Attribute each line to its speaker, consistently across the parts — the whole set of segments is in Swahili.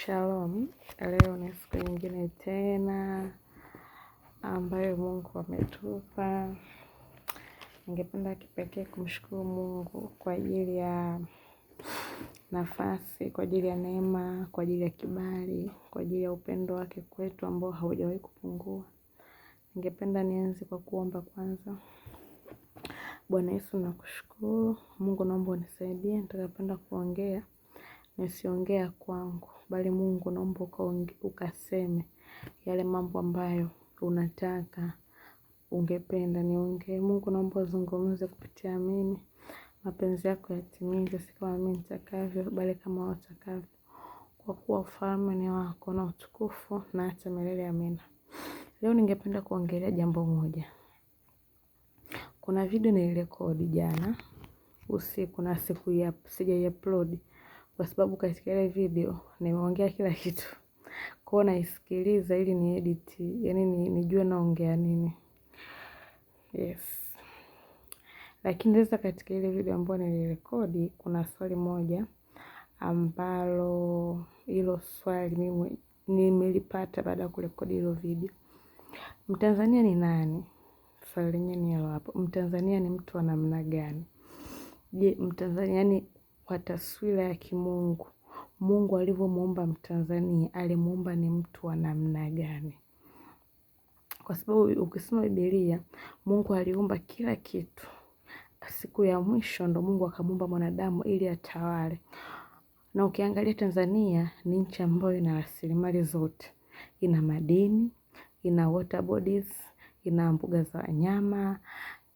Speaker 1: Shalom, leo ni siku nyingine tena ambayo Mungu ametupa. Ningependa kipekee kumshukuru Mungu kwa ajili ya nafasi, kwa ajili ya neema, kwa ajili ya kibali, kwa ajili ya upendo wake kwetu ambao haujawahi kupungua. Ningependa nianze kwa kuomba kwanza. Bwana Yesu, nakushukuru Mungu, naomba unisaidie nitakapenda kuongea nisiongea kwangu, bali mungu naomba ukaseme yale mambo ambayo unataka ungependa niongee. Mungu naomba uzungumze kupitia mimi, mapenzi yako yatimize, si kama mimi nitakavyo, bali kama watakavyo, Kwa kuwa ufalme ni wako na utukufu na hata milele amina. Leo ningependa kuongelea jambo moja. Kuna video nilirekodi jana usiku na siku sijai upload kwa sababu katika ile video nimeongea kila kitu. Kwao naisikiliza ili ni edit, yani nijue naongea nini. Yes. Lakini sasa katika ile video ambayo nilirekodi kuna swali moja ambalo hilo swali mimi nimelipata baada ya kurekodi hilo video. Mtanzania ni nani? Swali lenyewe ni hilo hapo. Mtanzania ni mtu wa namna gani? Je, Mtanzania yani kwa taswira ya kimungu. Mungu alivyomuumba mtanzania, alimuumba ni mtu wa namna gani? Kwa sababu ukisoma Biblia, Mungu aliumba kila kitu. Siku ya mwisho ndo Mungu akamuumba mwanadamu ili atawale. Na ukiangalia Tanzania ni nchi ambayo ina rasilimali zote, ina madini, ina water bodies, ina mbuga za wanyama,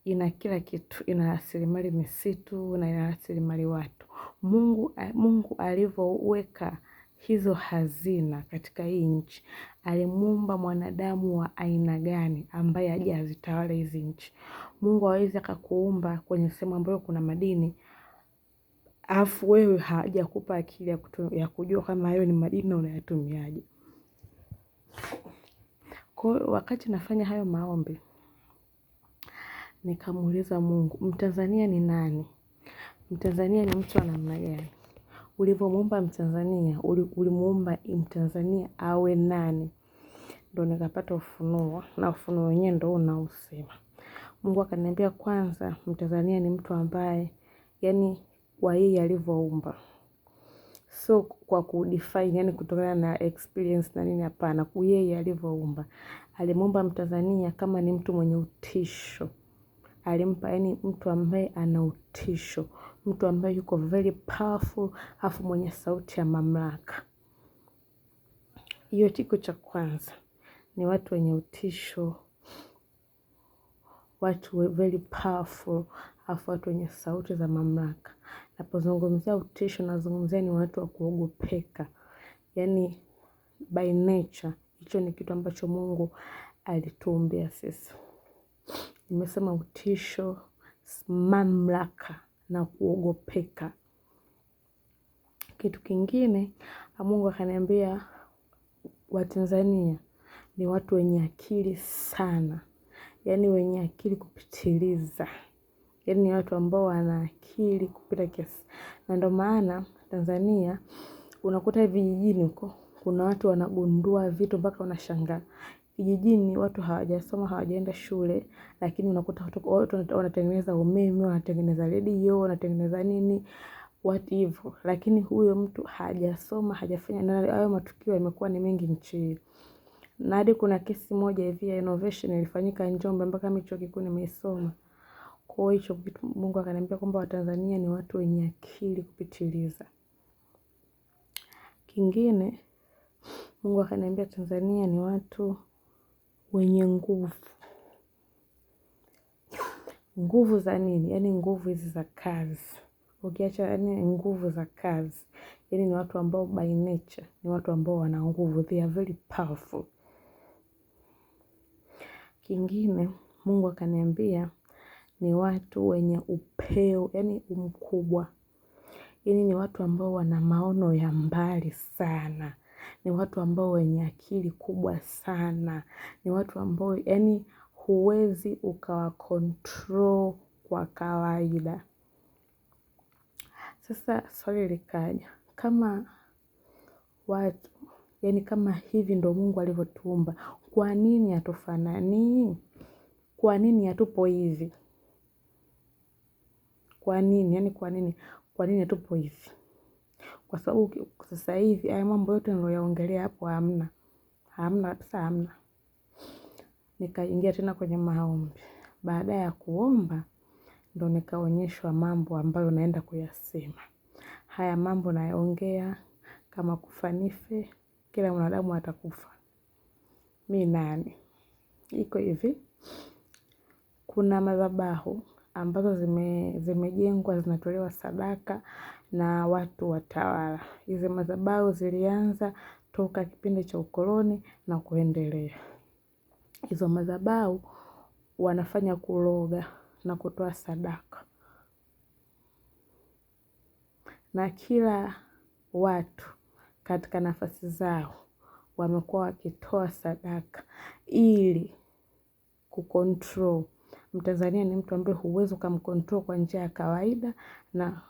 Speaker 1: ina kila kitu, ina rasilimali misitu na ina rasilimali watu. Mungu, Mungu alivyoweka hizo hazina katika hii nchi, alimuumba mwanadamu wa aina gani ambaye haja azitawale hizi nchi. Mungu hawezi akakuumba kwenye sehemu ambayo kuna madini alafu wewe hajakupa akili ya kujua kama hayo ni madini na unayatumiaje. Kwa hiyo wakati nafanya hayo maombi, nikamuuliza Mungu, Mtanzania ni nani? Mtanzania ni mtu wa namna gani? Ulivomuumba Mtanzania, ulimuumba Mtanzania awe nani? Ndo nikapata ufunuo na ufunuo wenyewe ndo unaosema Mungu akaniambia kwanza, Mtanzania ni mtu ambaye yani kwa yeye alivyoumba, so kwa kudefine, yani kutokana na experience na nini, hapana, yeye alivyoumba. Alimuumba Mtanzania kama ni mtu mwenye utisho, alimpa yani mtu ambaye ana utisho, mtu ambaye yuko very powerful, afu mwenye sauti ya mamlaka. Hiyo tiko cha kwanza ni watu wenye utisho, watu very powerful, afu watu wenye sauti za mamlaka. Napozungumzia utisho, nazungumzia ni watu wa kuogopeka, yani by nature. Hicho ni kitu ambacho Mungu alituumbia sisi nimesema utisho, mamlaka na kuogopeka. Kitu kingine Mungu akaniambia Watanzania ni watu wenye akili sana, yaani wenye akili kupitiliza, yaani ni watu ambao wana akili kupita kiasi, na ndio maana Tanzania unakuta vijijini huko kuna watu wanagundua vitu mpaka unashangaa Kijijini watu hawajasoma, hawajaenda shule, lakini unakuta watu wanatengeneza umeme, wanatengeneza redio, wanatengeneza nini, what hivyo. Lakini huyo mtu hajasoma, hajafanya, na hayo matukio yamekuwa ni mengi nchi. Na hadi kuna kesi moja hivi ya innovation ilifanyika Njombe mpaka mimi chuo kikuu nimeisoma. Kwa hicho kitu Mungu akaniambia kwamba Watanzania ni watu wenye akili kupitiliza. Kingine Mungu akaniambia Tanzania ni watu wenye nguvu. Nguvu za nini? Yaani nguvu hizi za kazi. Ukiacha yaani nguvu za kazi. Yaani ni watu ambao by nature. Ni watu ambao wana nguvu. They are very powerful. Kingine mungu akaniambia ni watu wenye upeo. Yaani mkubwa. Yaani ni watu ambao wana maono ya mbali sana ni watu ambao wenye akili kubwa sana, ni watu ambao yani huwezi ukawa control kwa kawaida. Sasa swali likaja, kama watu, yani kama hivi ndo mungu alivyotuumba, kwa nini hatufanani? Kwa nini hatupo hivi? Kwa nini, yani kwa nini, kwa nini hatupo hivi? kwa sababu sasa hivi haya mambo yote niloyaongelea hapo hamna, hamna kabisa, hamna. Nikaingia tena kwenye maombi. Baada ya kuomba, ndo nikaonyeshwa mambo ambayo naenda kuyasema. Haya mambo nayaongea kama kufa nife, kila mwanadamu atakufa, mi nani? Iko hivi, kuna madhabahu ambazo zimejengwa zinatolewa sadaka na watu watawala. Hizi madhabahu zilianza toka kipindi cha ukoloni na kuendelea. Hizo madhabahu wanafanya kuroga na kutoa sadaka, na kila watu katika nafasi zao wamekuwa wakitoa sadaka ili kukontrol Mtanzania ni mtu ambaye huwezi ukamcontrol kwa njia ya kawaida na